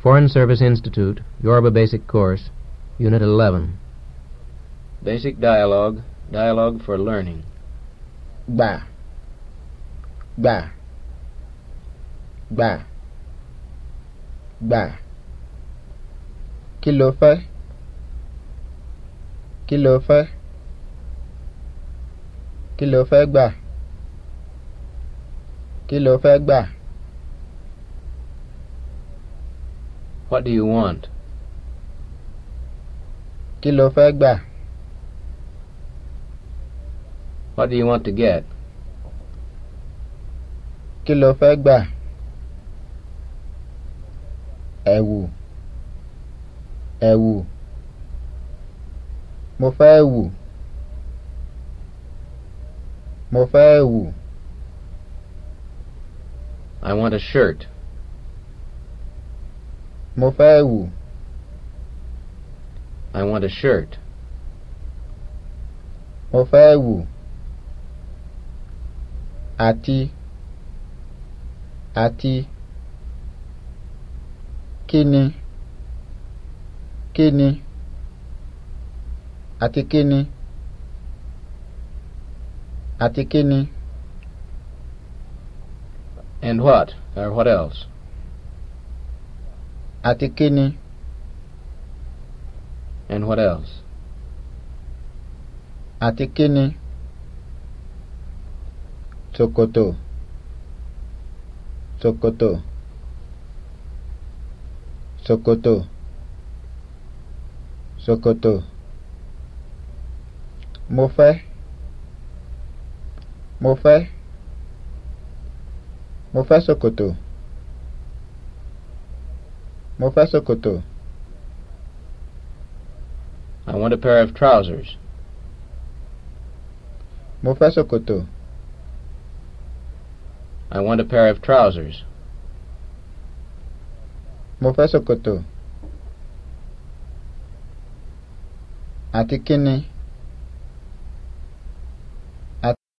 Foreign Service Institute, Yoruba Basic Course, Unit 11. Basic Dialogue, Dialogue for Learning. Ba. Ba. Ba. Ba. Kí ló fẹ́? Kí ló fẹ́? Kilo fẹ́ ba. fẹ́ What do you want? Kí ló What do you want to get? Kí ló Ẹ̀wù. Ẹ̀wù. Mo fẹ́ ẹ̀wù. Mo fẹ́ ẹ̀wù. I want a shirt. Mo fẹ́ I want a shirt. Mo fẹ́ Àti. Àti. Kíni. Kíni. Àti kíni. Àti kíni. And what, or what else? àti kíni. and what else. àti kíni. ṣòkòtò ṣòkòtò ṣòkòtò ṣòkòtò mo fẹ́ mo fẹ́ mo fẹ́ ṣòkòtò. Mo fẹ́ ṣòkòtò. I want a pair of trousers. Mo fẹ́ ṣòkòtò. I want a pair of trousers. Mo fẹ́ ṣòkòtò. Àti kíni.